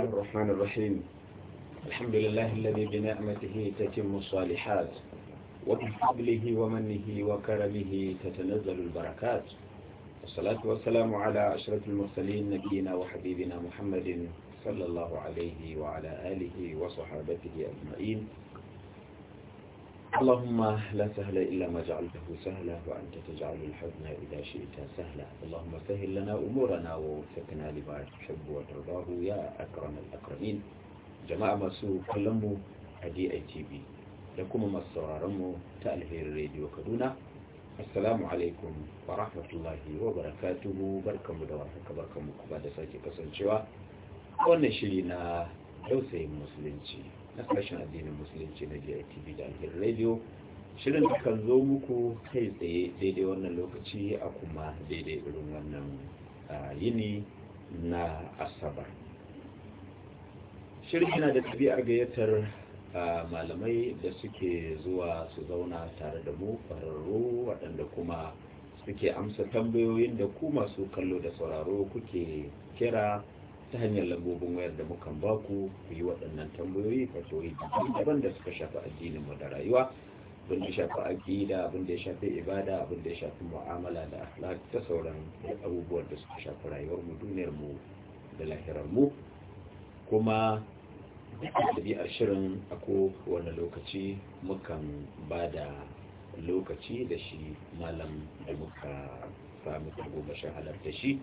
الله الرحمن الرحيم الحمد لله الذي بنعمته تتم الصالحات وبفضله ومنه وكرمه تتنزل البركات والصلاة والسلام على أشرف المرسلين نبينا وحبيبنا محمد صلى الله عليه وعلى آله وصحابته أجمعين اللهم لا سهل إلا ما جعلته سهلا وأنت تجعل الحزن إذا شئت سهلا اللهم سهل لنا أمورنا ووفقنا لما تحب وترضاه يا أكرم الأكرمين جماعة masu kallonmu a DITV da kuma masu mu ta alherin rediyo Kaduna. Assalamu alaikum wa rahmatullahi wa barakatuhu barkanmu da warhaka barkamu, kuma da sake kasancewa wannan shiri na dausayin musulunci na sashen addinin musulunci na DITV da Angel Radio shirin da kan zo muku kai tsaye daidai wannan lokaci a kuma daidai irin wannan yini na asabar shirin yana da tabi'ar gayyatar malamai da suke zuwa su zauna tare da mu ƙwararru waɗanda kuma suke amsa tambayoyin da ku masu kallo da sauraro kuke kira ta hanyar lambobin wayar da mukan baku ku yi waɗannan tambayoyi fatoyi daban da suka shafi addinin mu da rayuwa abin da shafi aƙida abin da ya shafi ibada abin da ya shafi mu'amala da akhlaq ta sauran abubuwan da suka shafi rayuwar mu duniyar mu da lahirar mu kuma ɗabi'ar shirin a kowane lokaci mukan ba da lokaci da shi malam da muka sami goma shan halarta shi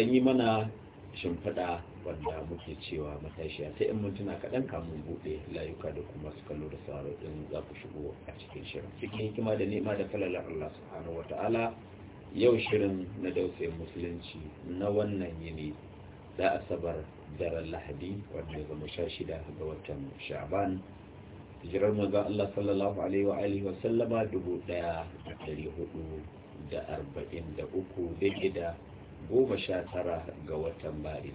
an yi mana shimfiɗa wanda muke cewa matashiya sai in mintuna kaɗan kamun buɗe layuka da kuma su kallo da sauraro ɗin za ku shigo a cikin shirin cikin hikima da nema da falalar Allah subhanahu wata'ala yau shirin na dausayin musulunci na wannan yini da asabar daren lahadi wanda ya zama sha shida ga watan sha'ban hijirar maza Allah sallallahu alaihi wa alihi wa sallama dubu ɗaya da ɗari hudu da arba'in da uku da da goma sha tara ga watan maris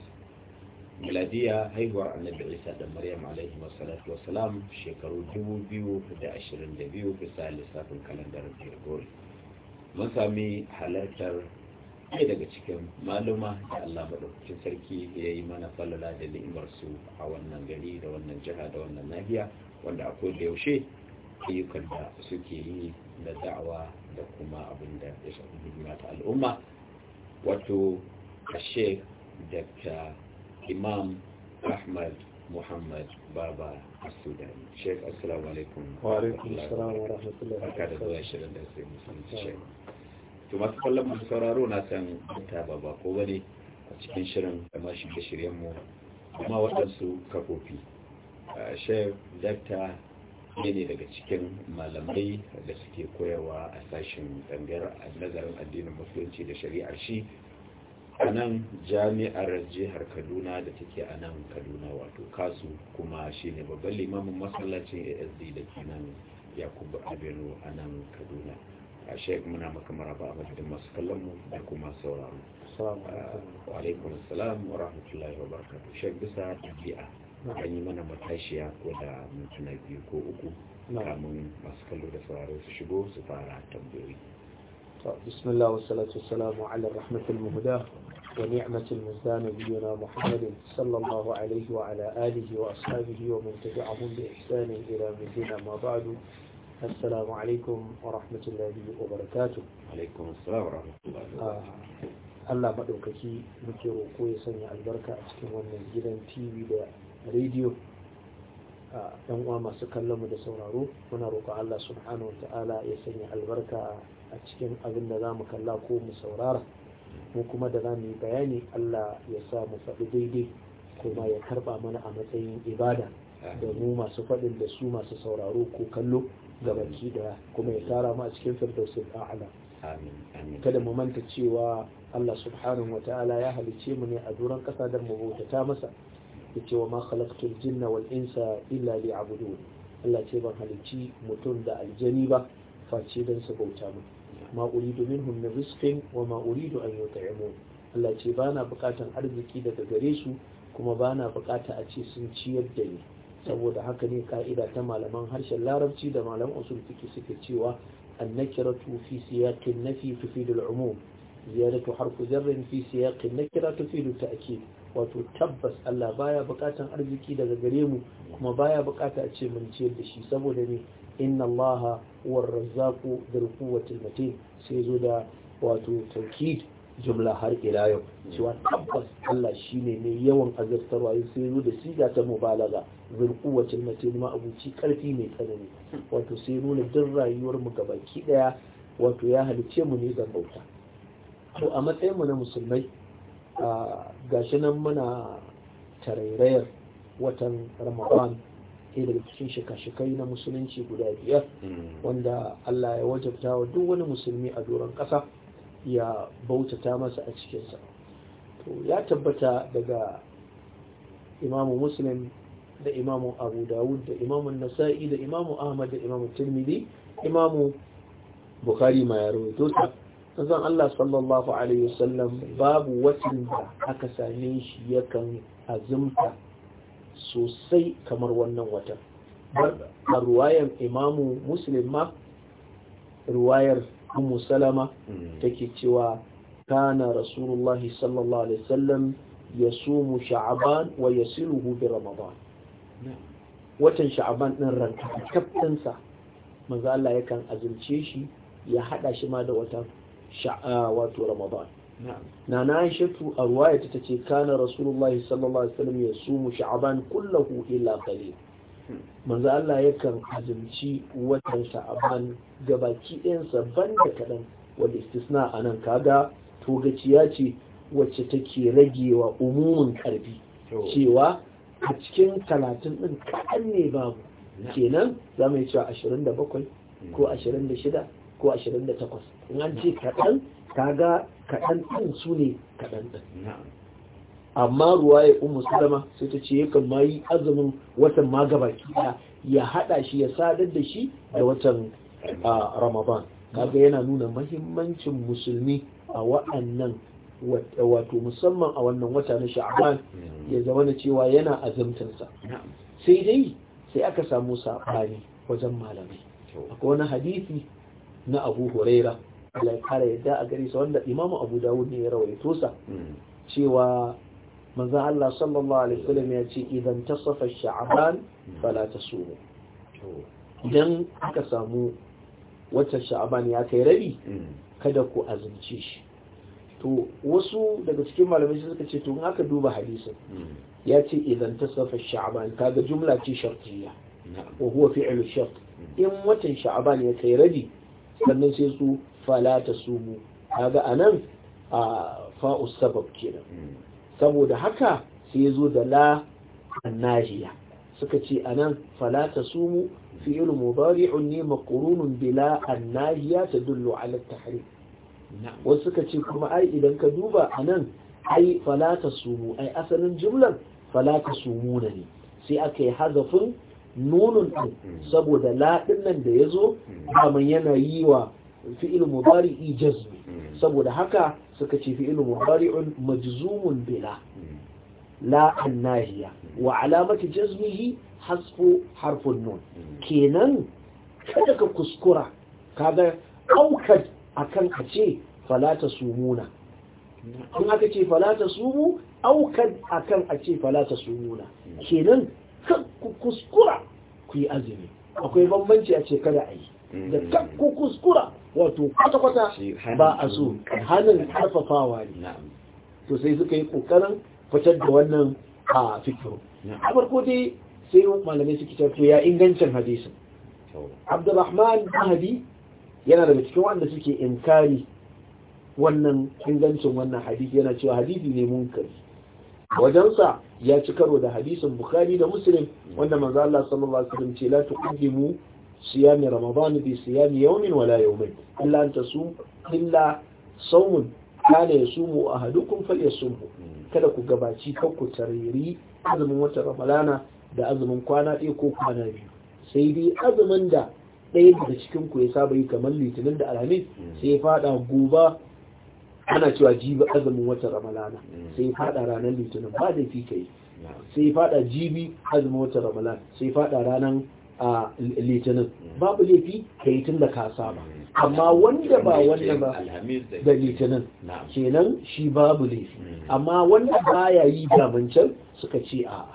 miladiya haihuwar annabi isa da maryam alaihi wasalatu wasalam shekaru biyu bisa lissafin kalandar gregory mun sami halartar ɗaya daga cikin maluma da allah maɗaukacin sarki ya yi mana falala da su a wannan gari da wannan jiha da wannan nahiya wanda akwai da yaushe ayyukan da suke yi da da'awa da kuma abin da ya shafi al'umma wato a sheik dr imam ahmad muhammad baba sudani sheikh assalamu alaikum wa alaikum assalam wa rahmatullahi barka da zuwa shirin da sai musulunci sheikh masu sauraro na san ta baba ko bane a cikin shirin da ma shirye shiryen mu kuma waɗansu kafofi a ah, sheikh dakta ɗaya ne daga cikin malamai da suke koyarwa a sashen a nazarin addinin musulunci da shari'ar shi a nan jami'ar jihar kaduna da take a nan kaduna wato kasu kuma shi ne babban limamin masallacin asd da ke nan yakubu abinu a nan kaduna a shek muna makamara ba a madadin masu kallonmu da kuma sauran wa bisa an yi mana matashiya ko da mintuna biyu ko uku kamun masu kallo da sauraro su shigo su fara tambayoyi بسم الله والصلاة والسلام على الرحمة المهداة ونعمة المزدان نبينا محمد صلى الله عليه وعلى آله وأصحابه ومن تبعهم بإحسان إلى مدينة ما بعد السلام عليكم ورحمة الله وبركاته عليكم السلام ورحمة الله وبركاته الله albarka a cikin البركة أسكن tv تيبي rediyo a yan uwa masu kallon mu da sauraro muna roƙon Allah subhanahu ta'ala ya sanya albarka a cikin abin da za mu kalla ko mu saurara mu kuma da za mu yi bayani Allah ya sa mu faɗi daidai kuma ya karɓa mana a matsayin ibada da mu masu faɗin da su masu sauraro ko kallo gabaki da kuma ya tara mu a cikin firdausul a'la kada mu manta cewa Allah subhanahu ta'ala ya halicce mu ne a duran ƙasa da mu bautata masa yace wa ma khalaqtul jinna wal insa illa liya'budun Allah ce ban halicci mutum da aljani ba face dan su bauta mu ma uridu minhum min rizqin wa ma uridu an yut'imun Allah ce bana bukatan arziki daga gare su kuma bana bukata a ce sun ciyar da ni saboda haka ne ka'ida ta malaman harshen larabci da malaman usul fiqh suke cewa annakiratu fi siyaqin nafi tufidu umum ziyaratu harfu jarrin fi siyaqin nakira tufidu ta'kid wato tabbas Allah baya bukatan arziki daga gare mu kuma baya bukata a ce mun ciyar da shi saboda ne inna Allah war razzaqu dhul quwwati matin sai zo da wato taukid jumla har ila yau cewa tabbas Allah shine ne yawan azartarwa sai zo da siga ta mubalaga dhul quwwati matin ma abuci karfi mai tsanani wato sai nuna duk rayuwar mu gabaki daya wato ya halice mu ne zan bauta to a matsayin mu na musulmai gashi nan muna tarairayar watan ramadan ke da cikin shika na musulunci guda biyar hmm. wanda allah ya wajabta wa duk wani musulmi a doron ƙasa ya bautata masa a cikinsa to ya tabbata daga imamu muslim da imamu abu dawud da imamu nasa'i da imamu ahmad da imamu tirmidhi imamu bukhari ma ya rawaito zan Allah sallallahu Alaihi wasallam babu watan da aka same shi yakan azumta sosai kamar wannan watan a ruwayar imamu muslim ma ruwayar ummu salama hmm. take cewa kana rasulullahi sallallahu alaihi wasallam yasumu sha'aban wa yasiluhu bi ramadan watan sha'aban din ranka kaftansa maza Allah yakan azumce shi ya hada shi ma da watan Ah, wato ramadan na na shatu a ruwaya ta ce kana rasulullahi sallallahu alaihi wasallam ya sumu sha'aban kullahu illa qalil hmm. manzo Allah yakan azumci watan sha'aban gabaki ɗayansa banda kaɗan wanda istisna a nan kaga togaciya ce wacce take ragewa umumin karfi cewa a cikin talatin ɗin kaɗan ne babu kenan za mu yi cewa ashirin da bakwai ko ashirin da shida ko 28 in an ce kaɗan ga kaɗan ɗin su ne kaɗan ɗin amma ruwa ya umu salama sai ta ce yakan ma yi azumin watan ma gabaki ya haɗa shi ya sadar da shi da watan ramadan kaga yana nuna mahimmancin musulmi a wa'annan wato musamman a wannan wata na sha'ban ya zama na cewa yana azumtansa sai dai sai aka samu saɓani wajen malamai akwai wani hadisi na abu huraira Allah ya yadda a gare sa wanda imamu abu dawud ne ya rawaito sa hmm. cewa manzon Allah sallallahu alaihi wasallam ya ce idan tasafa sha'ban hmm. fala tasumu idan aka samu watan sha'ban ya kai rabi hmm. kada ku azumce shi to wasu daga cikin malamai suka ce to in aka duba hadisin ya ce idan tasafa sha'ban kaga jumla ce shartiyya wa huwa fi'lu shart in watan sha'ban ya kai rabi sannan sai su falata ta sumu kaga anan a fa'us sabab kenan hmm. saboda haka sai zo da la annahiya suka ce anan falata ta sumu fi'il mudari'un ne maqrunun bila annahiya tadullu ala at-tahrim wasu suka ce kuma ai idan ka duba anan ai falata ta sumu ai asalin jumlan falata ta sumu ne sai aka yi hazafin nunun ɗin hmm. saboda laɗin nan da ya zo hmm. daman yana yi wa fi'il bari'i jazmi hmm. saboda haka suka ce fi'il un majizumun bila laan nahiya wa alamati jazmihi hasfo harfun nun kenan kada ka kuskura kaga aukad akan a ce falata sumuna in aka ce falata sumu aukad akan a ce falata sumuna kenan kan ku kuskura ku yi azumi akwai bambanci a ce ayi. a yi da mm. kan ku kuskura wato kwata-kwata ba a so hannun karfafawa ne to sai suka yi kokarin fitar da wannan a fito a farko dai sai malamai suke tafiya ya ingancin hadisin abdurrahman mahadi yana daga cikin wanda suke inkari wannan ingancin wannan hadisi yana cewa hadisi ne mun munkari wajensa ya ci karo da hadisin bukhari da muslim wanda manzo Allah sallallahu alaihi wasallam ce la tuqaddimu siyami ramadan bi siyami yawmin wala yawmin illa an tasum illa sawmun kana yasumu ahadukum falyasum kada ku gabaci kan ku tariri azumin wata ramadana da azumin kwana ɗaya ko kwana biyu sai dai azumin da ɗaya daga cikin ku ya saba yi kamar litinin da alhamis sai ya fada goba ana cewa jibi azumin watan ramalana sai fada ranar litinin ba da fi kai sai fada jibi azumin watan ramalana sai fada ranar litinin babu laifi ka yi tun da ka saba amma wanda ba wanda ba da litinin kenan shi babu laifi amma wanda ba ya yi damancan suka ce a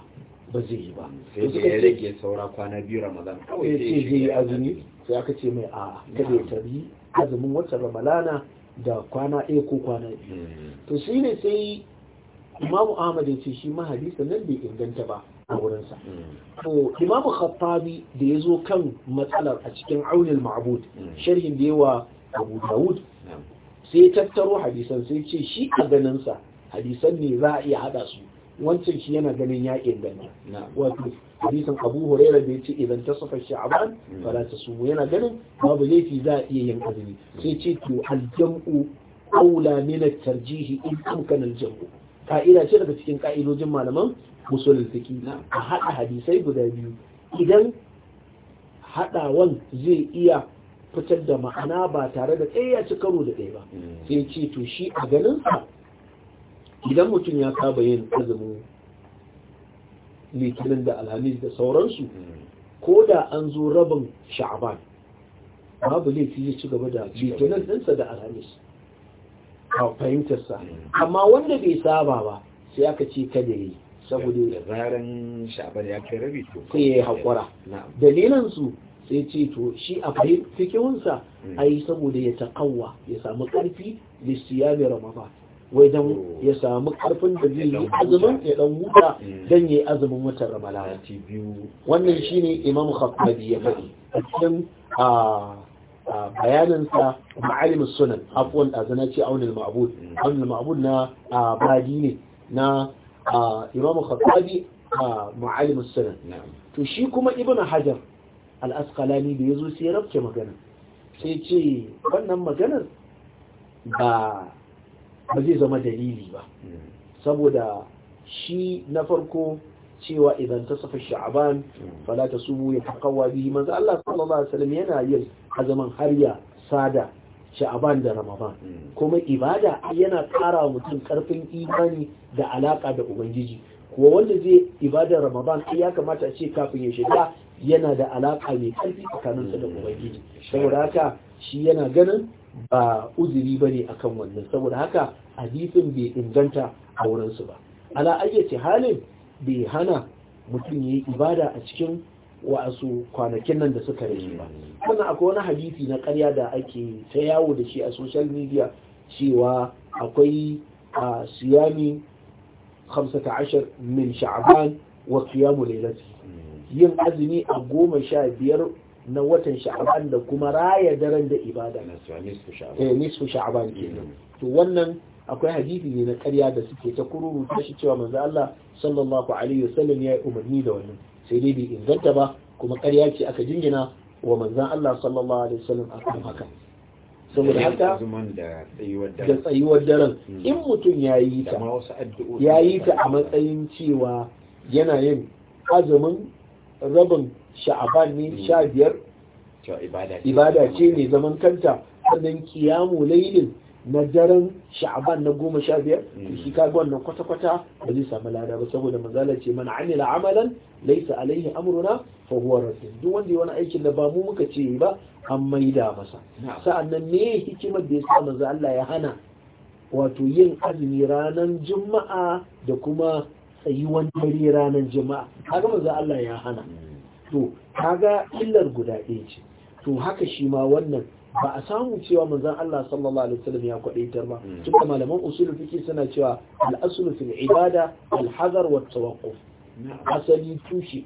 ba zai yi ba sai ya rage saura kwana biyu ramadan kawai sai zai yi azumi sai aka ce mai a kada ya tabi azumin watan ramalana da kwana ɗaya ko kwana biyu hmm. to shi ne sai imamu ahmad ya ce shi ma hadisa nan bai inganta ba a wurinsa hmm. to imamu khattabi da ya zo kan matsalar a cikin aunin ma'bud hmm. sharhin da yawa abu dawud sai ya tattaro hadisan sai ce shi a ganinsa hadisan ne za a iya hada su wancan shi yana ganin ya inganta wato hadisin abu huraira da yace idan ta safa sha'ban ta tasumu yana ganin babu laifi za a iya yin azumi sai ce to al-jam'u aula min in amkan al ka'ida ce daga cikin ka'idojin malaman usulul fiqh a hada hadisai guda biyu idan hadawan zai iya fitar da ma'ana ba tare da ɗaya ya ci karo da ɗaya ba hmm. sai ce to shi a ganin sa idan mutum ya saba yin azumin litinin da alhamis da sauransu ko da an zo rabin sha'aban babu laifi ya ci gaba da litinin ɗinsa da alhamis a fahimtarsa amma wanda bai saba ba sai aka ce kada yi saboda zaren sha'aban ya kai rabi to sai ya haƙura dalilan su sai ce to shi a fahimtar hmm. a yi saboda ya taƙawa ya samu ƙarfi da siyami ramadan Wai don mm. ya samu karfin da zai yi azumin ya dan huta mm. dan yayi azumin watan ramadana wannan shine Imam khattabi ya faɗi a cikin bayanansa ma'alim sunan afwan azana ce aunul ma'bud mm. aunul ma'bud na badi ne na Imam khattabi ma'alim sunan to shi kuma ibnu hajar al-asqalani da yazo sai ya rabce magana sai ce wannan maganar ba ba zai zama dalili ba hmm. saboda shi na farko cewa idan ta safa sha'aban hmm. fala ta subu ya taqawa bihi manzo Allah sallallahu alaihi wasallam yana yin azaman harya sada sha'aban da ramadan hmm. kuma ibada yana fara mutum karfin imani da alaka da ubangiji kuwa wanda zai ibadar ramadan sai ya kamata a ce kafin ya shiga yana da alaka mai karfi tsakaninsa da ubangiji saboda haka shi yana ganin ba uzuri bane akan wannan saboda haka hadisin bai inganta a wurinsu ba ala ayyace halin bai hana mutum ya yi ibada a cikin wa'asu kwanakin nan da suka rage ba wannan akwai wani hadisi na karya da ake ta yawo da shi a social media cewa akwai a siyami 15 min Sha'aban wa qiyamu yin azumi a goma sha biyar na watan sha'aban da kuma raya daren da ibada eh, nisfu sha'aban kenan to wannan akwai hadisi ne na ƙarya da suke ta kururu ta shi cewa manzo Allah sallallahu alaihi wasallam ya yi umarni da wannan sai dai bai inganta ba kuma ƙarya ce aka jingina wa manzon Allah sallallahu alaihi wasallam akan haka saboda haka da tsayuwar daren hmm. in mutum ya yi ta ya yi ta a matsayin cewa yana yin azumin rabin sha'aban ne hmm. sha biyar ibada ce mai zaman kanta sannan kiyamu lailin na daren sha'aban na goma sha biyar shi hmm. kaga wannan kwata-kwata ba zai samu lada ba saboda manzala ce mana amila amalan laisa alaihi amruna fa huwa rasul duk wanda ya wani aikin da ba mu muka ce ba an maida masa Sa'an sa'annan me hikimar da ya sa manzo Allah ya hana wato yin azumi ranar juma'a da kuma tsayuwan dare ranar jama'a kaga manzo Allah ya hana to kaga illar guda ɗaya ce to haka shi ma wannan ba a samu cewa manzan Allah sallallahu alaihi wasallam ya kwadaitar ba hmm. tunda malaman usul fiqi suna cewa al-aslu fil ibada al-hazar wa tawaqquf asali tushe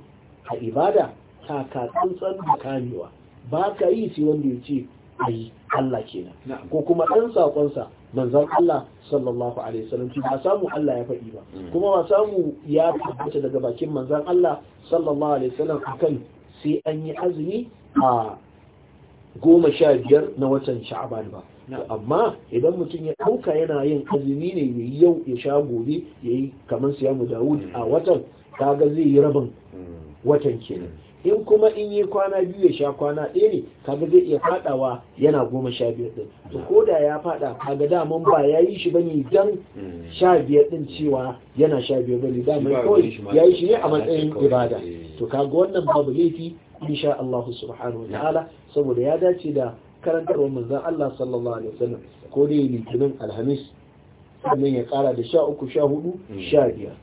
a ibada ka tsantsan da kamewa ba ka yi shi wanda ya ce ayi Allah kenan ko kuma dan sakonsa manzon Allah sallallahu alaihi wasallam ba samu Allah ya faɗi ba mm. kuma ba samu ya tabbata daga bakin manzon Allah sallallahu alaihi wasallam akan sai an yi azumi a goma sha biyar na watan sha'aban ba amma idan mutum ya ɗauka yana yin azumi ne mai yau ya sha gobe ya yi kamar siyamu dawud a mm. watan kaga zai yi rabin mm. watan kenan in kuma in yi kwana biyu ya sha kwana ɗaya ne kaga zai iya fadawa yana goma sha biyar ɗin to ko da ya fada kaga daman ba ya yi shi bane dan mm. sha biyar ɗin cewa yana sha biyar bane daman kawai ya yi shi ne a matsayin ibada eh. to kaga wannan babu laifi insha Allah subhanahu wa ta'ala saboda ya dace da karantarwar manzon Allah sallallahu alaihi wasallam ko dai litinin alhamis sannan ya kara da sha uku sha hudu mm. sha biyar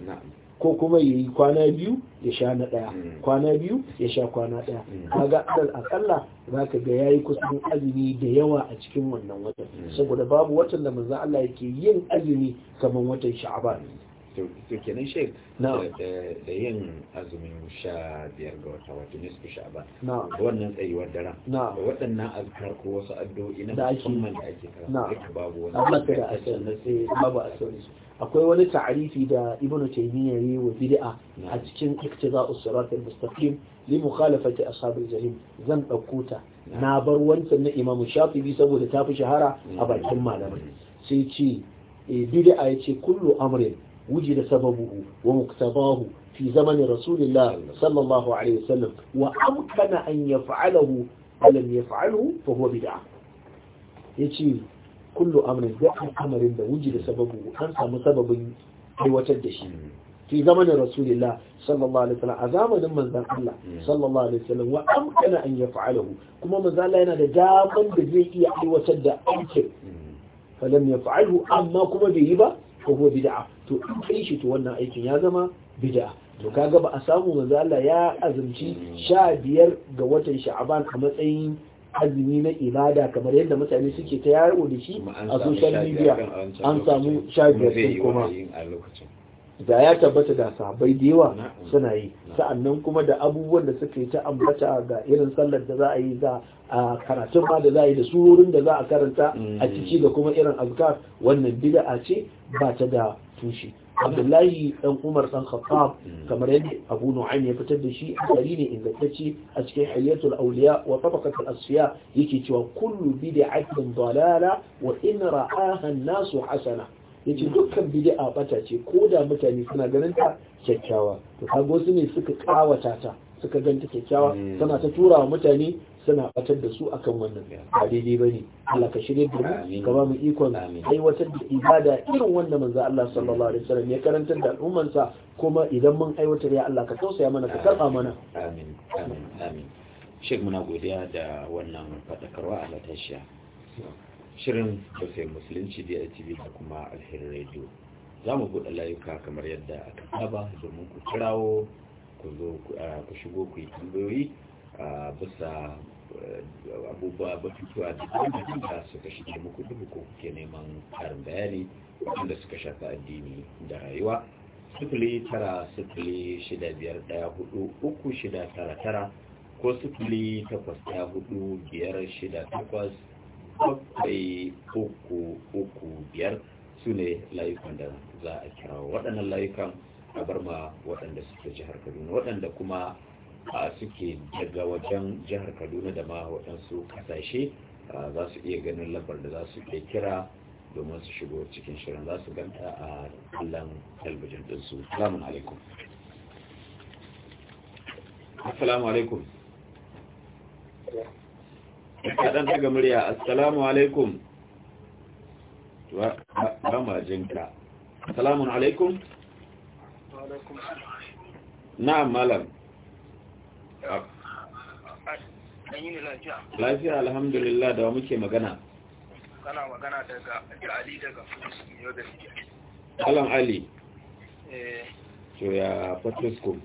ko kuma ya yi kwana biyu ya sha na ɗaya mm. kwana biyu ya sha kwana ɗaya mm. kaga ɗan akalla za ka ga ya yi kusan azumi da yawa a cikin wannan watan mm. saboda babu watan da manzan Allah yake yin azumi kamar watan sha'aban to kenan shek da yin azumin sha biyar ga wata wato nisfu sha'ban wannan tsayuwar daren waɗannan azkar ko wasu addu'o'i na musamman da ake karatu babu wani babu asali akwai wani ta'arifi da ibn taymiyyah yayi wa bid'a a cikin iktida'us sirat al-mustaqim li mukhalafati ashab al-jahim zan dauko ta na bar wancan na imam shafi'i saboda tafi shahara a bakin malamai sai ce eh, bid'a yace kullu amrin wujida sababuhu wa muktabahu fi zaman rasulillah sallallahu alaihi wasallam wa amkana an yaf'alahu alam yaf'alhu fa huwa bid'a yace kullu amrin da al'amarin da wuji da sababu an samu sababin aiwatar da shi fi zamanin rasulillah sallallahu alaihi wasallam a zamanin manzon Allah mm. sallallahu alaihi wasallam wa amkana an yaf'alahu kuma manzon Allah yana da daman da zai iya aiwatar da aikin mm. falam yaf'alhu amma kuma bai yi ba ko huwa bid'a to in kai shi to wannan aikin ya zama bid'a to kaga ba a samu manzon Allah ya azumci 15 mm. ga watan sha'aban a matsayin azumi na ibada kamar yadda mutane suke ta yaro da shi a social media an samu sha kuma da ya tabbata da sabai da yawa suna yi sa'annan kuma da abubuwan da suka yi ta ambata ga irin sallar da za a yi da karatun ma da za a yi da surorin da za a karanta a mm. ciki da kuma irin azkar wannan bid'a ce ba ta da tushe abdullahi dan umar dan khattab mm. kamar yadda abu nu'aym ya fitar da shi asali ne ingantacce a cikin hayyatul awliya wa tabaqat al asfiya yake cewa kullu bid'atin dalala wa in ra'aha an-nasu hasana yace dukkan bid'a bata ce koda mutane suna ganin ta kyakkyawa to kago su ne suka kawata ta suka ganta kyakkyawa tana mm. ta tura wa mutane suna batar da su akan wannan ba daidai bane Allah ka shirye da ka ba mu ikon aiwatar da ibada irin wanda manzo Allah sallallahu alaihi wasallam ya karantar da al'umman sa kuma idan mun aiwatar ya Allah ka tausaya mana ka karba mana amin amin amin shek muna godiya da wannan fadakarwa a latashiya shirin kafe musulunci da tv da kuma Alheri radio za mu buɗe layuka kamar yadda aka saba domin ku kirawo ku zo ku ah, shigo ku yi tambayoyi a bisa eh, abubuwa batutuwa da suka shige muku dubu ko kuke neman karin bayani wanda suka shafi addini da rayuwa sifili tara sifili shida biyar daya hudu uku shida tara tara ko sifili takwas daya hudu biyar shida takwas bakwai uku uku biyar su ne layukan da za a kira waɗannan layukan a bar ma waɗanda suke jihar kaduna waɗanda kuma suke daga wajen jihar kaduna da ma waɗansu kasashe za su iya ganin lambar da za su iya kira domin su shigo cikin shirin za su ganta a kallon talbijin ɗinsu salamun alaikum assalamu alaikum ɗan daga murya assalamu alaikum ba ma jinka assalamun alaikum na malam lafiya alhamdulillah da muke magana kana magana daga ali daga alam ali eh to ya patrisco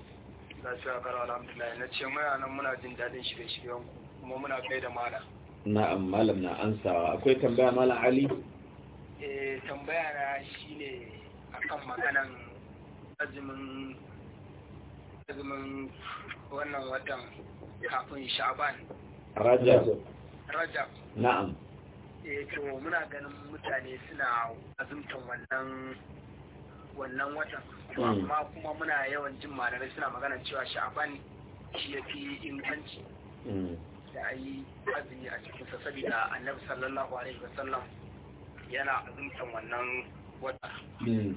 lafiya kara alhamdulillah na ce mai anan muna jin dadin shirye-shiryen ku kuma muna kai da mala na'am malam na ansawa akwai tambaya malam ali eh tambaya na shine akan maganan azumin azumin wannan watan kafin sha'ban rajab na'am eh to muna ganin mutane suna azumtan wannan wannan watan hmm. amma kuma muna yawan jin malamai suna magana cewa sha'ban shi yafi inganci hmm. da yi azumi a cikin saboda annabi sallallahu alaihi wasallam yana azumtan wannan wata hmm.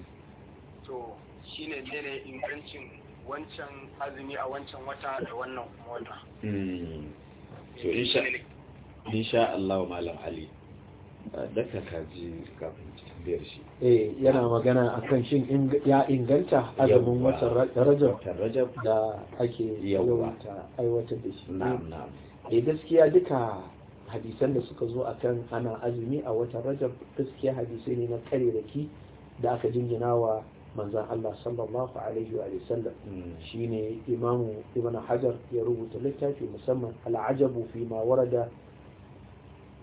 to shine ne ingancin wancan azumi a wancan wata da wannan wata so hmm. eh, insha Allah wa malam Ali ah, daga kaji kafin tambayar shi eh yana magana a kan shi ya inganta azumin watan Rajab da ake yawata aiwatar da shi na'am na'am eh gaskiya duka hadisan da suka zo a kan ana azumi a watan Rajab gaskiya hadisai ne na kareraki da aka jingina wa manzan Allah sallallahu alaihi wa sallam hmm. shine imamu ibn hajar ya rubuta littafi musamman al'ajabu fi ma warada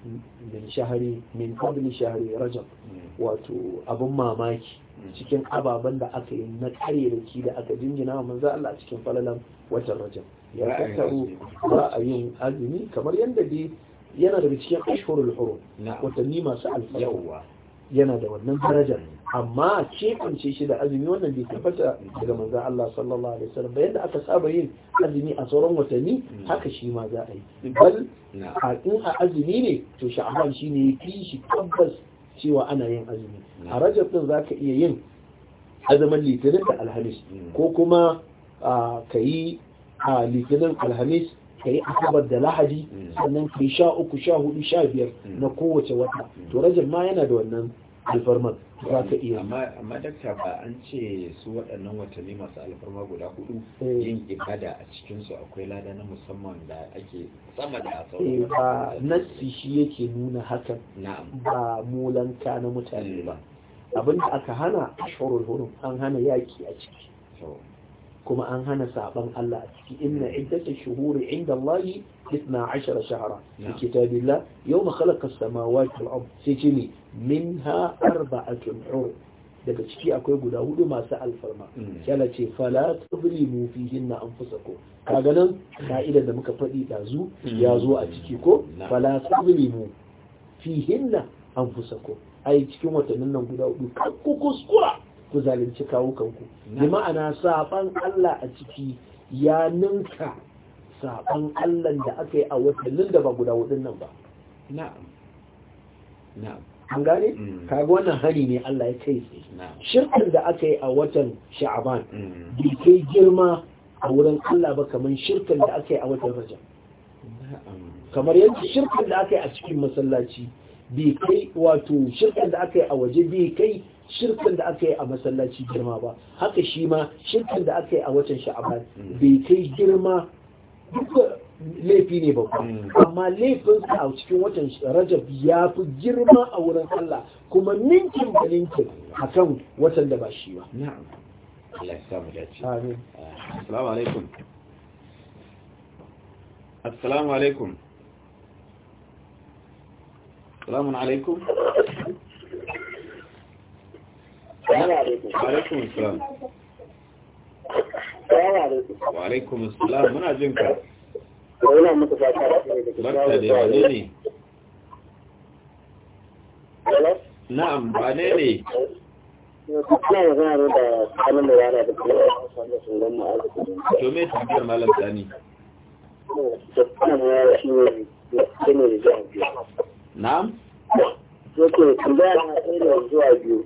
min shahari min shahari rajab hmm. wato abun mamaki hmm. cikin ababen da aka yi na ƙaryarki da aka jinjina wa Allah cikin falalan watan rajab ya tattaru ra'ayin azumi kamar yadda dai yana daga cikin ashhurul hurum watanni masu alfarwa yana da wannan daraja amma kunce shi da azumi wannan bai tabbata daga manzo Allah sallallahu alaihi wasallam bayan da aka saba yin azumi a sauran watanni haka shi ma za a yi bal a in a azumi ne to sha'aban shi ne yafi shi tabbas cewa ana yin azumi a rajab din zaka iya yin azumin litinin da alhamis hmm. ko kuma ka yi a litinin alhamis kai asabar da lahadi mm. sannan kai sha uku sha hudu sha biyar mm. na kowace wata mm. to rajin ma yana da wannan alfarmar za ka iya amma dakta ba an ce su waɗannan watanni masu alfarma guda hudu eh. yin ibada a cikinsu akwai lada na musamman da ake sama da sauran eh, ba nassi shi yake nuna hakan ba mulanka na mutane ba abinda aka hana ashurul hurum an hana yaki a ciki kuma an hana saban Allah a ciki inna iddatash shuhuri inda Allah 12 shahra fi kitabillah yawma khalaqa as-samawati wal ard sai ne minha arba'atun hur daga ciki akwai guda hudu masu alfarma mm. sai ce fala tuzlimu fihinna anfusakum kaga nan ka'idar da muka faɗi dazu ya mm. zo a ciki ko fala tuzlimu fihinna anfusakum ai cikin watannin nan guda hudu kakku kuskura ku zalunci kawukanku bi ma'ana saban Allah a ciki ya ninka saban Allah da aka yi a watannin da ba guda hudun nan ba na'am na'am an gane mm. kaga wannan hari ne Allah ya kai tsaye shirkin da aka yi a watan sha'aban mm. bai kai girma a wurin Allah ba kamar shirkin da aka yi a watan rajab kamar yanki shirkin da aka yi a cikin masallaci bai kai wato shirkin da aka yi a waje bai kai shirkan da aka yi a masallaci girma ba haka shi ma shirkan da aka yi a watan sha'aban bai kai girma duka laifi ne babba hmm. amma laifin a cikin watan rajab ya fi girma a wurin Allah kuma ninkin da ninkin kan watan da ba shi ba na'am ah, assalamu alaikum assalamu alaikum alaikum alaikum salam wa muna jin ka muku fata da wane ne na'am ba ne ne Ina da da malam Sani? Na'am? Yake na zuwa biyu.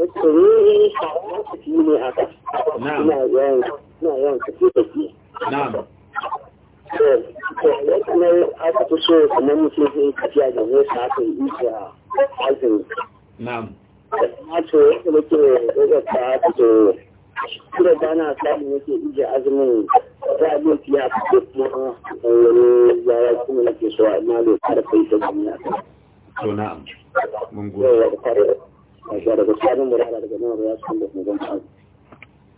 wacce ne shi ne haka ina yawan ina yawan tafi da na'am zai tafiya da yi azumi nake rarraba ta azumin rabin fiya nake so a ina ta gumi a masha daga sabon murara daga nan ya san da mugun abu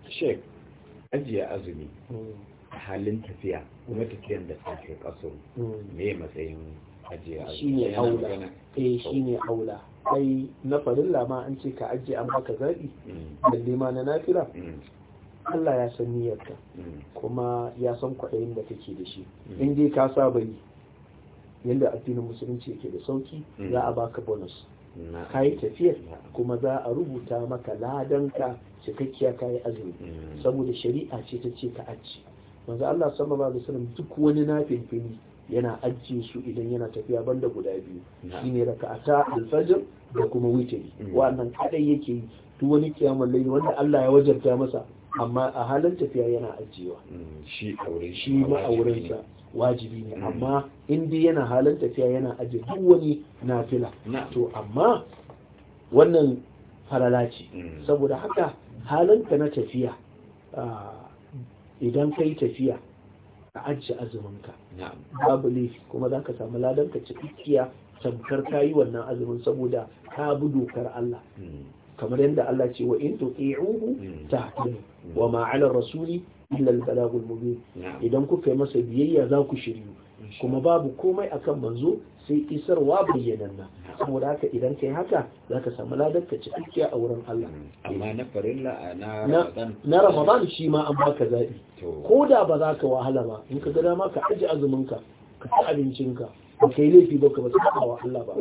shek ajiya azumi halin tafiya kuma tafiyan da ke kaso me matsayin ajiya azumi shine aula eh shine aula Kai na farin lama an ce ka ajiye an baka zaɓi. Mm. balle ma na nafila mm. Allah ya san niyyarka mm. kuma ya san kwaɗayin da kake da shi in dai ka saba yi yadda addinin musulunci yake da sauki za a baka bonus ka yi tafiyar kuma za a rubuta maka ladanka cikakkiya ka yi azumi hmm. saboda shari'a ce ta ce ka aji manzo Allah sallallahu alaihi wasallam duk wani nafilfili yana ajiye su idan yana tafiya ban da guda biyu Shi shine raka'ata alfajr da kuma witri hmm. wannan kadai yake yi duk wani kiyamar wanda Allah ya wajarta masa amma a halin tafiya yana ajiyewa mm, shi shi sa wajibi ne mm. amma indi yana halin tafiya yana ajiye duk wani nafila to amma wannan falala mm. saboda haka halinka na tafiya idan ka yi tafiya ka ajiye azuminka babu laifi kuma za ka samu ladanka cikakkiya tamkar ka yi wannan azumin saboda ka bi dokar Allah kamar yadda Allah ce wa in tuti'uhu hmm. tahtadu hmm. wa ma 'ala rasuli illa al-balagul mubin idan kuka yi masa biyayya za ku shiryu kuma babu komai akan manzo sai isarwa bayyananna saboda haka idan kai haka zaka samu ladar ka cikakkiya a wurin Allah hmm. amma na farilla na Ramadan na Ramadan shi ma an baka zabi ko da ba za ka wahala ba in ka ga dama ka aje azumin ka ka ci abincin ka. ba kai laifi ba ka ba sa'a wa Allah ba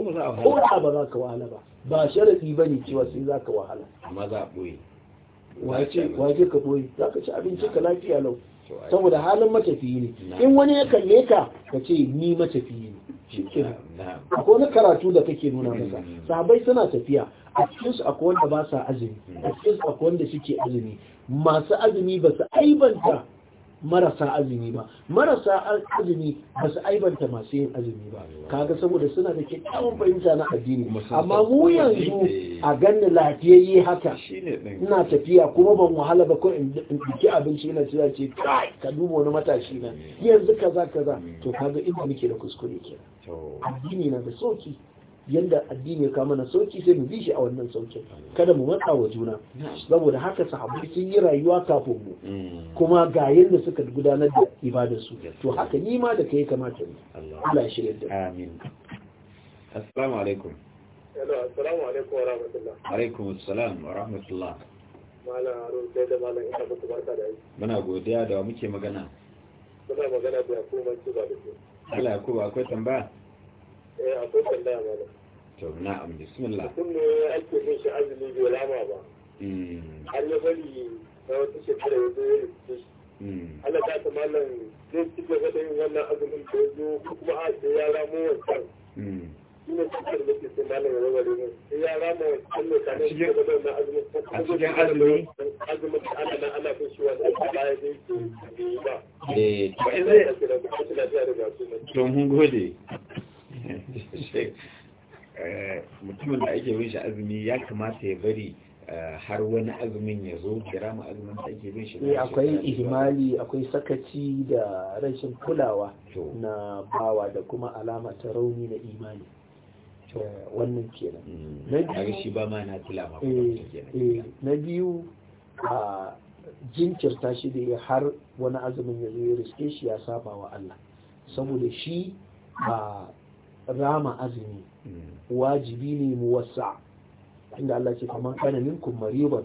ko da ba za ka wahala ba ba sharadi ba cewa sai za ka wahala amma za a ɓoye wace ka ɓoye za ka ci abinci ka lafiya lau saboda halin matafiyi ne in wani ya kalle ka ka ce ni matafiyi ne akwai wani karatu da kake nuna masa mm-hmm. sahabai suna tafiya a cikinsu akwai wanda ba sa azumi a mm-hmm. cikinsu akwai wanda suke azumi masu azumi ba su aibanta marasa azumi ba marasa azumi ba su aibanta masu yin azumi ba kaga saboda suna da kyakkyawan fahimta na addini amma mu yanzu a ganni lafiyayye haka ina tafiya kuma ban wahala ba ko in biki abinci ina cewa ce kai ka duba wani matashi na yanzu kaza kaza to kaga inda muke da kuskure kenan addini na da sauki yanda addini ya kama na sauki sai mu bi shi a wannan saukin kada mu matsa wa juna saboda haka sahabbai sun yi rayuwa kafin mu mm. kuma ga yadda suka gudanar da ibadarsu to haka ni ma da kai kamata ne Allah shi yadda amin assalamu alaikum assalamu alaikum wa rahmatullah alaikum assalam wa rahmatullah malam harun sai da malam ina muku barka da yi muna godiya da muke magana muna magana da kuma ci ba da ku Allah ya akwai tambaya eh akwai tambaya malam to na'am bismillah kun ne ake shi azumi bai lama ba hmm. har ya bari na wata shekara ya zo ya rikice hmm. Allah ta zai ci gaba da yin wannan azumin da ya zo ko kuma a sai ya ramo wancan a cikin azumi to mun gode sai eh, mutumin da ake bin shi azumi ya kamata ya bari eh, har wani azumin ya zo kira mu azumin da ake bin shi eh, akwai ihimali akwai sakaci da rashin kulawa na bawa da kuma alama ta rauni na imani wannan kenan mm. na shi ba ma na kula ma na biyu a jinkirta shi da ya har wani azumin ya zo ya riske shi ya saba wa Allah saboda shi ba rama azumi wajibi ne muwassa inda Allah ce kaman kana minkum mariban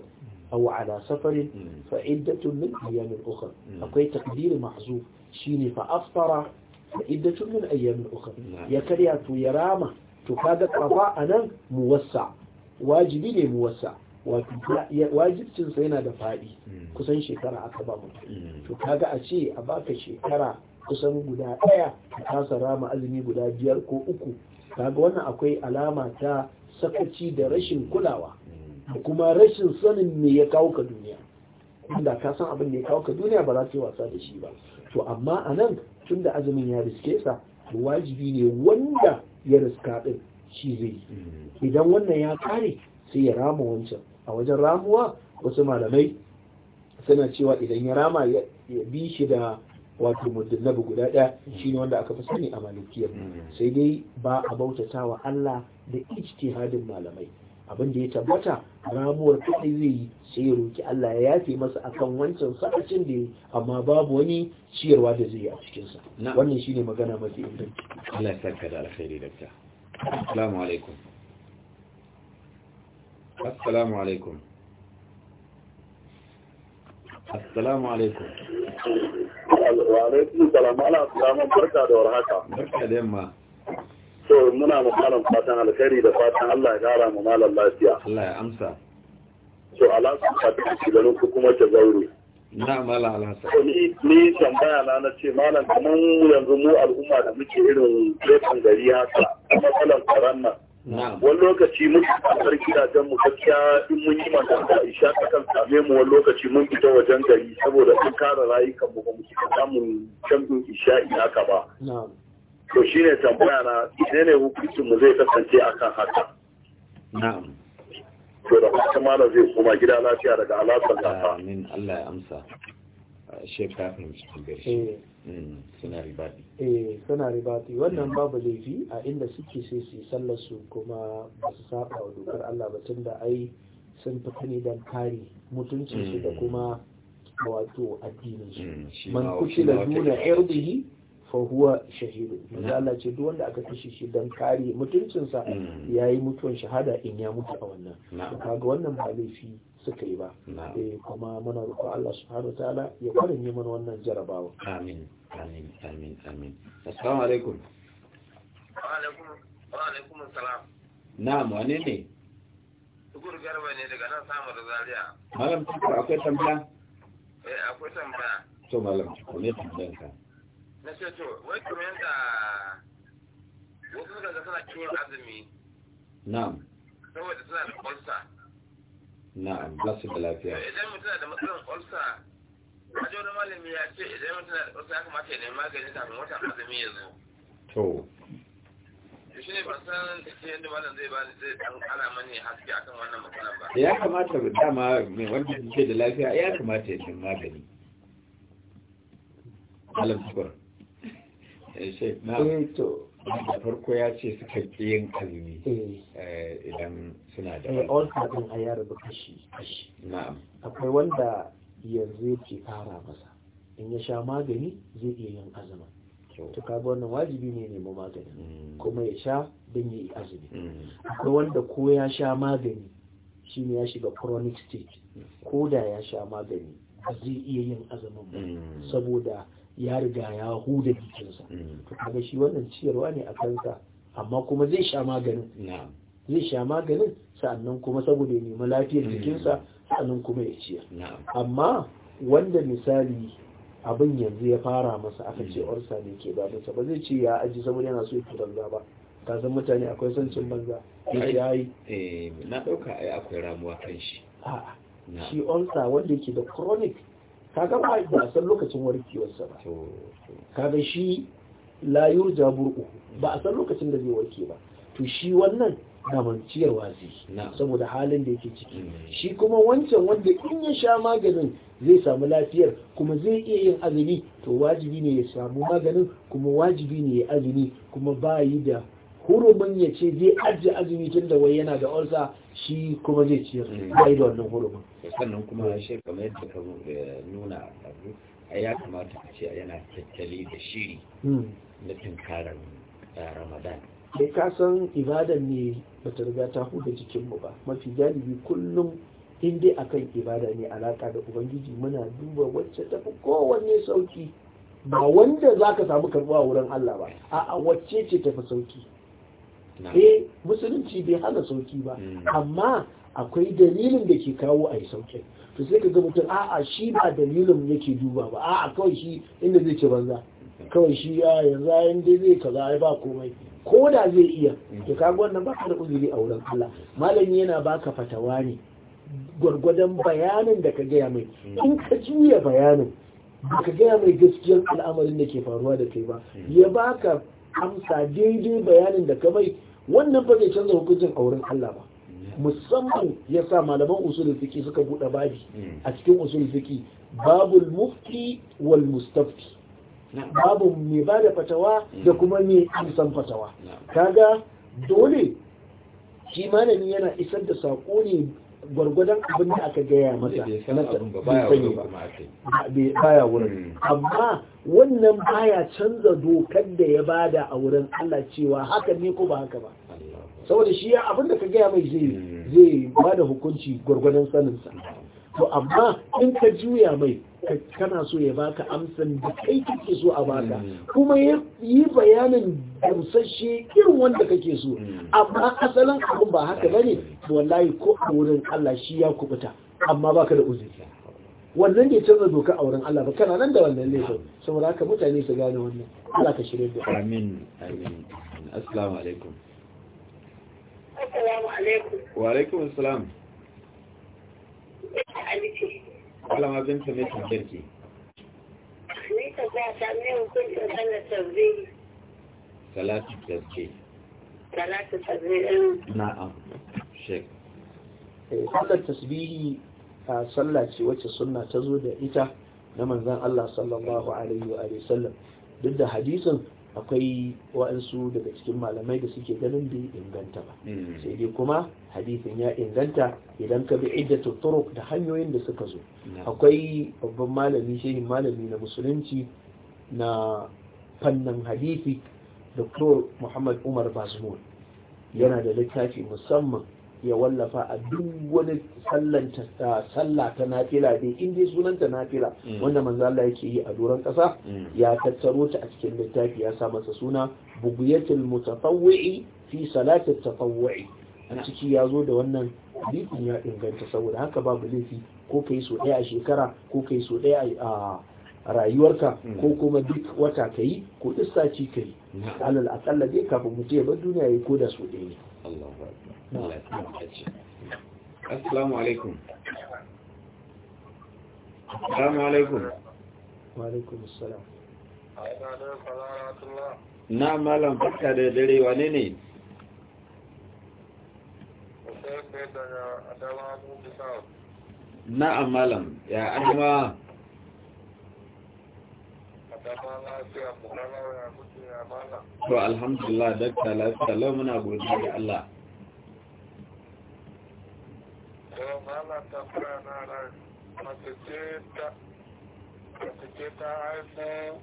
aw ala safarin fa iddatun min ukhra akwai mahzuf shine fa aftara fa min ukhra ya karya to ya rama to kaga kafa anan muwassa wajibi ne muwassa yana da faɗi kusan shekara aka ba mutum to kaga a ce a baka shekara kusan guda ɗaya ta kasa rama azumi guda biyar ko uku kaga wannan akwai alama ta sakaci da rashin kulawa da kuma rashin sanin me ya kawo ka duniya inda ka san abin da ya kawo ka duniya ba za ka yi wasa da shi ba to amma a nan tun da azumin ya riske sa wajibi ne wanda ya riska ɗin, shi zai yi idan wannan ya kare sai ya rama wancan a wajen ramuwa wasu malamai suna cewa idan ya rama ya bi shi da wato mujallabu guda ɗaya shine wanda aka fi sani a malikiyar sai dai ba a bautata wa Allah da ijtihadin malamai abin da ya tabbata ramuwar kai zai yi sai ya roki Allah ya yafe masa akan wancan sa'acin da yi amma babu wani ciyarwa da zai yi a cikin sa wannan shine magana mafi inganci Allah ya saka da alkhairi dakta assalamu alaikum assalamu alaikum assalamu alaikum wa barka da warhaka barka so muna mu malam fatan alkhairi da fatan Allah ya kara mu malam lafiya Allah ya amsa so alasan fatan shi ganin ku kuma ta zaure na malam ni ni tambaya na na ce malam kaman yanzu mu al'umma da muke irin gefen gari haka matsalan tsaron nan wani lokaci mun kasar gidajen mu gaskiya in mun yi magana da isha ta kan same mu wani lokaci mun fita wajen gari saboda sun kare rayukan mu ba mu cika samun canjin isha ka ba to shi ne tambaya na ne ne hukuncin mu zai kasance akan haka to da kuma zai koma gida lafiya daga alaƙar da amin Allah ya amsa shekafin shi eh. mm, suna ribati eh suna ribati wannan mm. babu laifi a inda suke sai su sallar su kuma ba su saba wa dokar Allah ba tunda ai sun fita ne dan kare mutuncin su da mm. kuma wato addinin su man kutila duna irdihi fahuwa shahidu Allah ce duk wanda aka kashe shi don kare mutuncinsa mm. ya yi mutuwan shahada in ya mutu a wannan kaga wannan ba laifi suka yi ba eh kuma muna roƙo Allah subhanahu wataala ya fara yi mana wannan jarabawa amin amin amin amin assalamu alaikum wa alaikum wa alaikum assalam na'am wane ne tukur garba ne daga nan samu da Zariya. malam tukur akwai tambaya eh akwai tambaya to malam tukur ne tambayanka na ce wai kuma wasu na'am saboda suna da ulsa na'am da lafiya idan mutum da matsalar ulsa malami ya ce idan mutum da ulsa ya kamata ya nemi magani kafin watan azumi ya zo to shi ne san zai ba zai haske akan wannan matsalar ba ya kamata dama mai wanda ke da lafiya ya kamata ya nemi magani alam tukur Eh, to da farko ya ce suka yin azumi eh. Eh, idan suna da wani all kadin a yara da kashi kashi na'am akwai wanda yanzu yake fara masa in ya sha magani zai iya yin azumi to kaga wannan wajibi ne nemo magani mm. kuma ya sha don yi azumi mm. akwai wanda ko ya sha magani shine ya shiga chronic state ko da ya sha magani zai iya yin azumin mm. saboda ya riga ya huda jikinsa mm. to kaga shi wannan ciyarwa ne a kansa amma kuma zai sha maganin zai sha maganin sa'annan kuma saboda ya nemi lafiyar mm. jikinsa sa'annan kuma ya ciyar amma wanda misali abin yanzu ya fara masa aka ce orsa mm. ne ke babinsa ba zai ce ya aji saboda yana so ya fitar ba ka san mutane akwai sancin banza ya ce ya yi eh, na ɗauka ai akwai ramuwa kan shi a'a shi orsa wanda ke da chronic kaga ba a san lokacin warkewarsa ba kaga shi la yurja burku ba a san lokacin da zai warke ba to shi wannan na manciyar wasi. saboda halin da yake ciki mm. shi kuma wancan wanda in ya sha maganin zai samu lafiyar kuma zai iya yin azumi to wajibi ne ya samu maganin kuma wajibi ne ya azumi kuma ba yi da hurumin ya ce zai ajiye azumi tun da wai yana da ulsa shi kuma zai ci eh. bai da wannan hurumin sannan kuma shi kamar yadda ka eh, nuna a ya kamata a yana tattali da shiri hmm. na tunkarar eh, ramadan kai ka san ibadan ne ba ta riga ta huda jikinmu ba mafi galibi kullum in dai akan ibada ne alaka da ubangiji muna duba wacce ta fi kowanne sauki ba wanda za ka samu karɓuwa wurin allah ba a wacce ce ta fi sauki eh musulunci bai hana sauki ba hmm. amma akwai dalilin da ke kawo a yi sauki to sai ka ga mutum a'a shi ba dalilin yake duba ba a'a kawai shi inda zai ce banza kawai shi ya yanzu ayan dai zai kaza ya ba komai ko da zai iya hmm. to kaga wannan ba ka da uzuri a wurin Allah malami yana baka fatawa ne gwargwadon bayanin da ka gaya mai hmm. in ka juya bayanin ba ka gaya mai gaskiyar al'amarin da ke faruwa da kai ba ya baka amsa daidai bayanin da ka bai. wannan ba zai canza hukuncin auren Allah ba musamman ya sa malaman usul fiki suka buɗe babi a cikin usul fiki babul mufti wal mustafti babu mai ba da fatawa da kuma mai amsan fatawa kaga dole shi malami yana isar da saƙo ne gwargwadon abin da aka gaya masa baya wurin hmm. amma wannan baya canza dokar da ya bada a wurin Allah cewa haka ne ko ba haka ba saboda shi ya abin da ka gaya mai zai hmm. zai bada hukunci gwargwadon saninsa to amma in ka juya mai kana so ya baka amsan da kai kake so a baka mm. kuma yi bayanin gamsashe irin wanda kake so mm. amma asalin abin ba haka bane mm. wallahi ko a wurin Allah shi ya kubuta amma baka da uzuri wannan ne canza doka a wurin Allah ba kana nan da wannan ne saboda haka mutane su gane wannan Allah ka shirye da amin amin assalamu alaikum assalamu alaikum wa alaikum assalam malama binta mai tambayar ke ni ta za ta mai hukuncin sallar tasbih salatu tasbih salatu tasbih na'am shek eh, sallar tasbihi a sallah wacce sunna ta zo da ita na manzan Allah sallallahu alaihi wa sallam duk da hadisin akwai wa'ansu daga cikin malamai da suke ganin bai inganta ba hmm. sai dai kuma hadisin ya inganta idan ka bi idda turuq da hanyoyin da suka zo hmm. akwai babban malami shehin malami na musulunci na fannin hadisi Dr. Muhammad Umar Bazmul yana da littafi musamman ya wallafa a duk wani sallah ta nafila dai in dai sunanta nafila mm. wanda manzo Allah yake yi a doron kasa mm. ya tattaro ta a cikin littafi ya sa masa suna bugiyatul mutatawwi fi salati tatawwi a ciki ya zo da wannan hadithin ya inganta saboda haka babu laifi ko kai so ɗaya a shekara ko kai so ɗaya a rayuwarka mm. ko kuma duk wata ka yi ko duk sati ka yi alal akalla dai kafin mutum ya bar duniya ya koda so ɗaya ne assalamu alaikum assalamu alaikum wa alaikum assalam na malam fata da dare wane ne na malam ya adama to alhamdulillah dakta lafiya lau muna godiya da Allah yau mala ta fara na ce ta haifu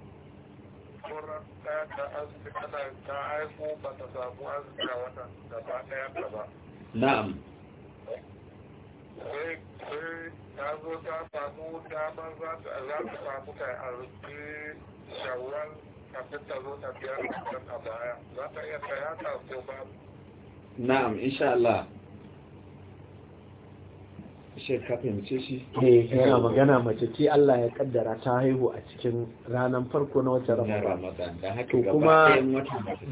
turan ta ta ana ta haifu ba ta samu arziki a ta ba na'am sai ta zo ta samu damar za ta samu ta shawar kafin ta zo ta biyar a baya za ta iya ta yata ko ba na'am insha Allah shek shi eh yana magana mace ce Allah ya kaddara ta haihu a cikin ranar farko na watan Ramadan to kuma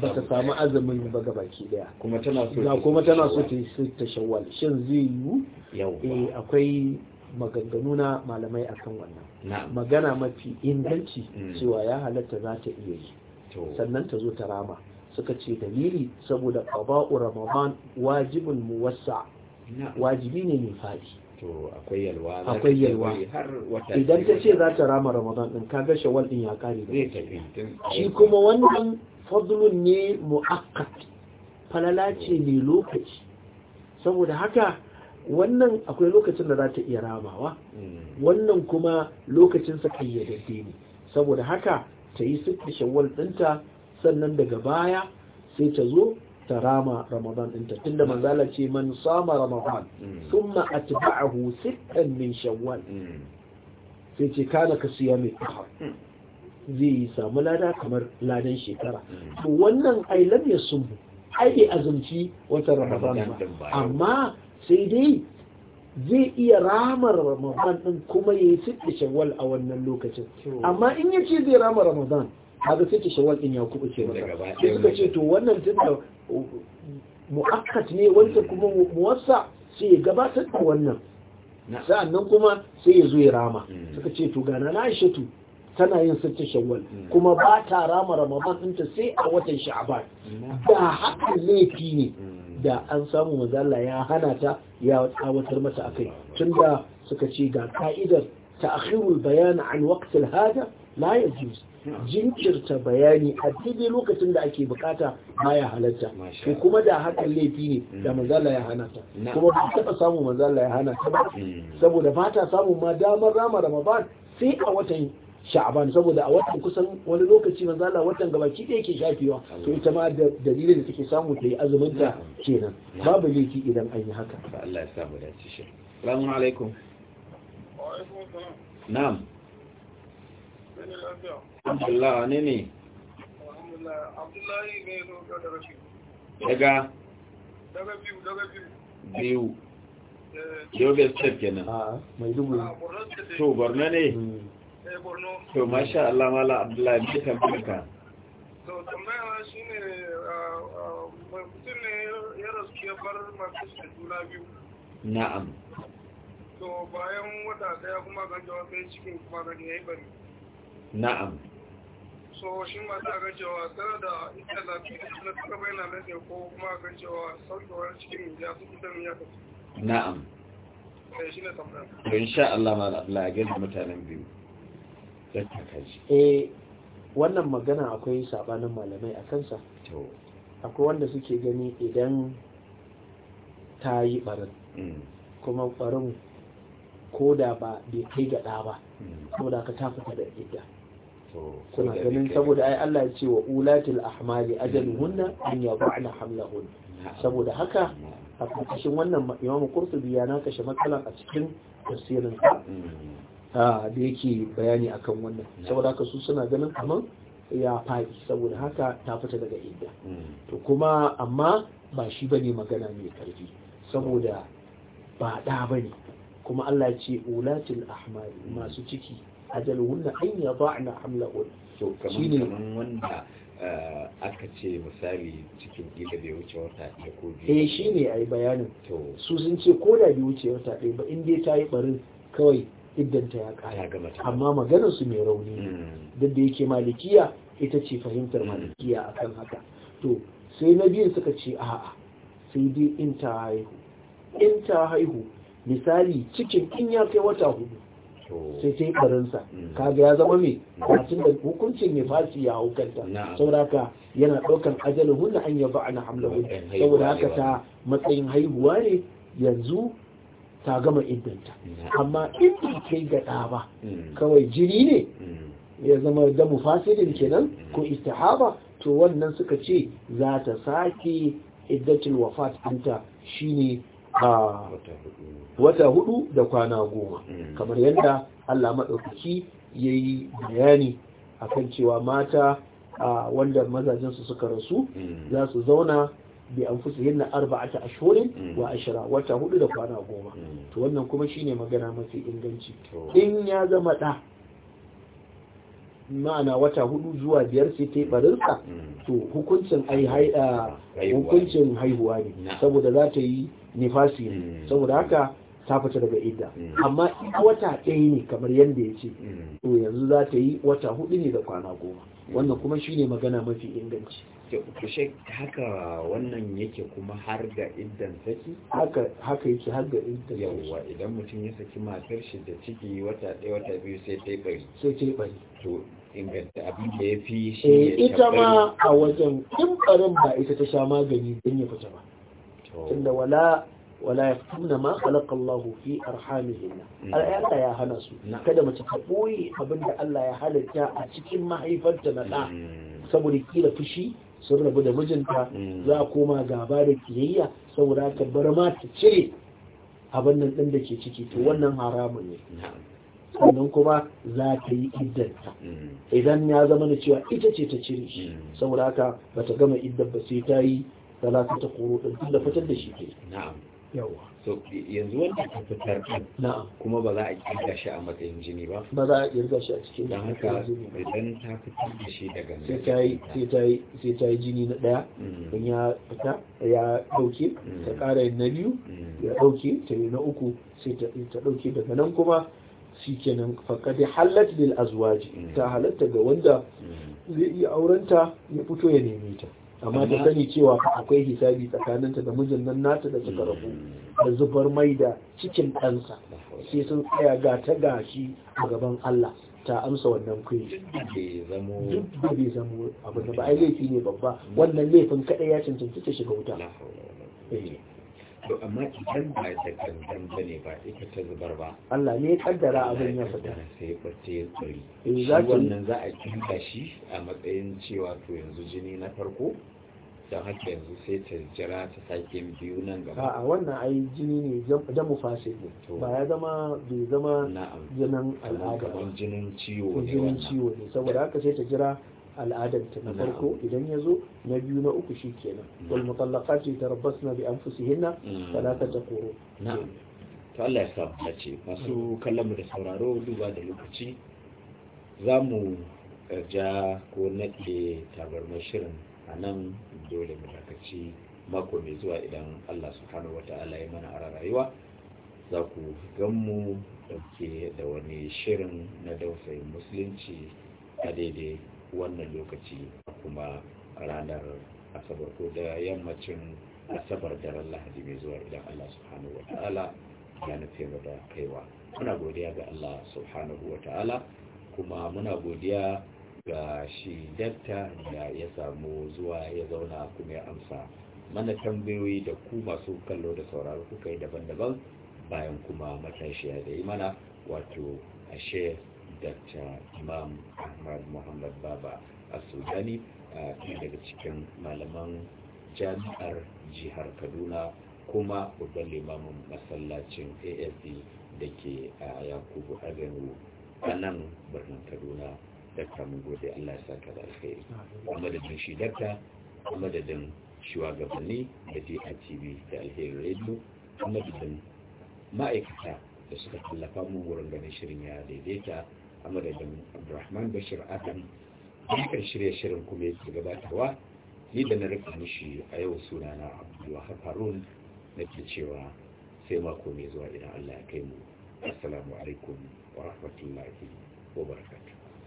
ba ta samu azumin ba gabaki daya kuma tana so kuma tana so ta yi shin zai yi eh akwai maganganu na malamai akan wannan magana mafi inganci mm. cewa ya halatta za ta iya yi sannan ta zo ta rama suka ce dalili saboda qaba'u ramadan wajibun muwassa wajibi ne mai fadi to akwai yalwa akwai yalwa idan ta ce za ta rama ramadan din ka ga shawal din ya kare zai tafi shi kuma wannan fadlun ne mu'akkad falala ce ne lokaci saboda haka wannan akwai lokacin da za ta iya ramawa hmm. wannan kuma lokacin sa ya ne saboda haka ta yi sukka shawwal ɗinta sannan daga baya sai ta zo ta rama ramadan ɗinta tunda manzala ce man sama ramadan mm. thumma atba'ahu sittan min shawwal mm. sai ce kana ka siya mai kahar mm. zai samu lada kamar ladan shekara to wannan ailan ya yasum ai bai azumci wata ramadan ba amma sai dai zai iya ramar ramadan ɗin kuma yayi sitti shawwal a wannan lokacin amma in ya ce zai rama ramadan kaga sai shawwal ɗin ya kubuce masa sai suka ce to wannan da. mu'akkat ne wanda kuma muwassa sai ya gabatar da wannan nan kuma sai ya zo ya rama hmm. suka ce to gana na shatu, tana yin sittin shawwal hmm. kuma ba ta rama ramadan ɗinta sai a watan sha'aban hmm. da haka laifi ne da an samu mazala ya hana ta ya tsawatar mata akai tunda suka ce ga ka'idar ta'khirul bayan an waqtil hada la yajuz jinkirta bayani a daidai lokacin da ake bukata ya halatta to kuma da hakan laifi ne da mm. mazalla ya hana ta kuma ba taɓa samu mazalla ya hana ta ba mm. saboda ba ta samu ma damar rama ramadan sai a watan sha'aban saboda a watan kusan wani lokaci mazalla watan watan ki da yake shafewa to ita ma da dalilin da take samu ta yi azumin ta kenan babu laifi idan an yi haka Allah ya sa mu dace shi assalamu alaikum na'am Alhamdulillah ne ne? Abdullahi ne zo daga shi. Daga? Daga biyu, daga biyu. Biyu. Eh. step kenan. Ah, Mai dubu. Ah, to, Borno ne? Hmm. Eh, to, masha Allah mala Abdullahi To, tambaya shi ne ah, mutum ne ya rasu ya bar masu juna biyu. Na'am. To, bayan wata daya kuma ganta wata cikin kuma ya yi bari. na'am so na'am eh, shi Allah ma da mutanen biyu eh wannan magana akwai sabanin malamai a kansa akwai wanda suke gani idan ta yi barin mm. kuma barin ko da ba bai kai gaɗa ba ko mm. ka da idda suna hmm. ganin saboda ai Allah ya ce wa ulatil ahmali ajaluhunna hmm. an yad'na hamlahun hmm. saboda haka a cikin wannan imamu Qurtubi ya kashe matsalan a cikin tafsirin ah, da yake bayani akan wannan saboda haka su suna ganin kaman ya faɗi saboda haka ta fita daga idda to kuma amma ba shi bane magana mai karfi saboda ba da bane kuma Allah ya ce ulatil ahmali masu ciki ajaluhunna an yada'na hamlahun so kaman wanda eh, aka ce misali cikin kila bai wuce wata ɗaya ko biyu eh shine ai bayanin su sun ce ko da bai wuce wata ɗaya ba in dai ta yi barin kawai ta ya kara amma maganar su mai rauni hmm. duk da yake malikiya ita ce fahimtar hmm. malikiya akan haka to sai na biyu suka ce a'a sai dai in ta haihu in ta haihu misali cikin in ya kai wata hudu sai ta yi barinsa kaga ya zama mai kacin da hukuncin ne fasi ya hukanta saboda haka yana ɗaukan ajalin hunna an yaba ana hamlahun saboda haka ta matsayin haihuwa ne yanzu ta gama iddanta amma in ba gaɗa hmm. ba kawai jini ne hmm. ya zama da fasirin kenan hmm. ko istihaba to wannan suka ce za ta sake iddacin wafat ɗinta shine wata hudu da kwana goma mm. kamar yadda Allah maɗaukaki ya yi bayani kan cewa mata wanda mazajensu suka rasu mm. za su zauna bi an fusa yin arba'ata ashirin mm. wa ashira wata hudu da kwana goma to wannan kuma shine magana mafi inganci in ya zama ɗa, ma'ana wata hudu zuwa biyar sai ta yi barinsa to hukuncin haihuwa ne saboda za ta yi nifasi mm. saboda haka ta fita daga idda mm. amma ina wata ɗaya ne kamar yadda ya ce mm. to yanzu za ta yi wata hudu ne da kwana goma wannan kuma shi ne magana mafi inganci kushe haka wannan yake kuma har ga iddan saki haka yake har ga iddan yawa idan mutum ya saki matar shi da ciki wata ɗaya wata biyu sai ta bari sai ta bari to inganta abin da ya fi shi eh, ita ma a wajen in barin ba ita ta sha magani don ya fita ba Oh. tunda wala wala yaktumna ma khalaqa Allahu fi arhamihin hmm. ya hana su kada mace ta boye abinda Allah ya halitta a cikin mahaifarta na da hmm. saboda kila fushi sun rabu da mijinta hmm. za a koma gaba da kiyayya saboda ta bar ma ta cire abin nan din da ke ciki to wannan haramun ne sannan kuma za ta yi iddanta idan ya zama na cewa ita ce ta cire shi saboda haka bata gama iddan ba sai ta yi salatata kuro din da fitar da shi ke na'am yawa so yanzu wanda ka fitar din na'am kuma ba za a kirga shi a matsayin jini ba ba za a kirga shi a cikin dan haka idan ta fitar da shi daga sai ta yi sai ta yi sai ta yi jini na ɗaya. dan mm. ya fita ya ɗauke ta kara mm. na biyu mm. ya ɗauke ta yi na uku sai ta ɗauke daga nan kuma shikenan faqad halat lil azwaji ta halatta ga wanda zai iya aurenta ya fito ya neme ta amma ta sani cewa akwai hisabi tsakaninta da mijin nan nata da suka rabu da hmm. zubar mai da cikin ɗansa sai sun tsaya ga ta gashi a gaban Allah ta amsa wannan kuyi duk da bai zamo abu da ba hmm. laifi ne babba wannan laifin kaɗai ya cancanci ta shiga wuta to amma idan ba da gangan ba ne ba ita ta zubar ba Allah ne ya kaddara abin ya fita sai kwace ya tsori eh, shi wannan za a kinta shi a matsayin cewa to yanzu jini na farko don haka yanzu sai ta jira ta sake biyu nan gaba a wannan ai jini ne mu fashe ba ya zama bai zama jinin al'ada ba jinin ciwo ne jinin ciwo ne saboda haka sai ta jira al'adar ta na farko idan ya zo na biyu na uku shi kenan wal mutallaqati na bi anfusihinna mm. thalathata quru na'am to Allah ya sa mu ce masu kallon mu da sauraro duba da lokaci za mu eh, ja ko naɗe tabarmar shirin a nan dole mu takaci mako mai zuwa idan Allah subhanahu wata'ala ya mana ara rayuwa za ku gan mu dauke da wani shirin na dausayin musulunci a daidai wannan lokaci kuma ranar asabar ko da yammacin asabar daren lahadi mai zuwa idan Allah subhanahu wata'ala ya nufe mu da kaiwa muna godiya ga Allah subhanahu wata'ala kuma muna godiya ga shi delta da ya samu zuwa ya zauna kuma ya amsa mana tambayoyi da ku masu kallo da sauraro kuka yi daban-daban bayan kuma matashiya da mana wato ashe dakta imam ahmad muhammad baba a sudani a daga cikin malaman jami'ar jihar kaduna kuma babban limamin masallacin asd da ke a yakubu avenue a nan birnin kaduna dakta kamun gode Allah ya saka da alkhairi kuma da jin shi dakta kuma da shiwa shugabanni da DITV da alheri radio kuma da ma'aikata da suka tallafa mu wurin ganin shirin ya daidaita da madadin Abdulrahman Bashir Adam dukkan shirye shirin kuma yake gabatarwa ni da na rika mishi a yau sunana Abdulwahab Harun ke cewa sai mako mai zuwa idan Allah ya kai mu assalamu alaikum wa rahmatullahi wa barakatuh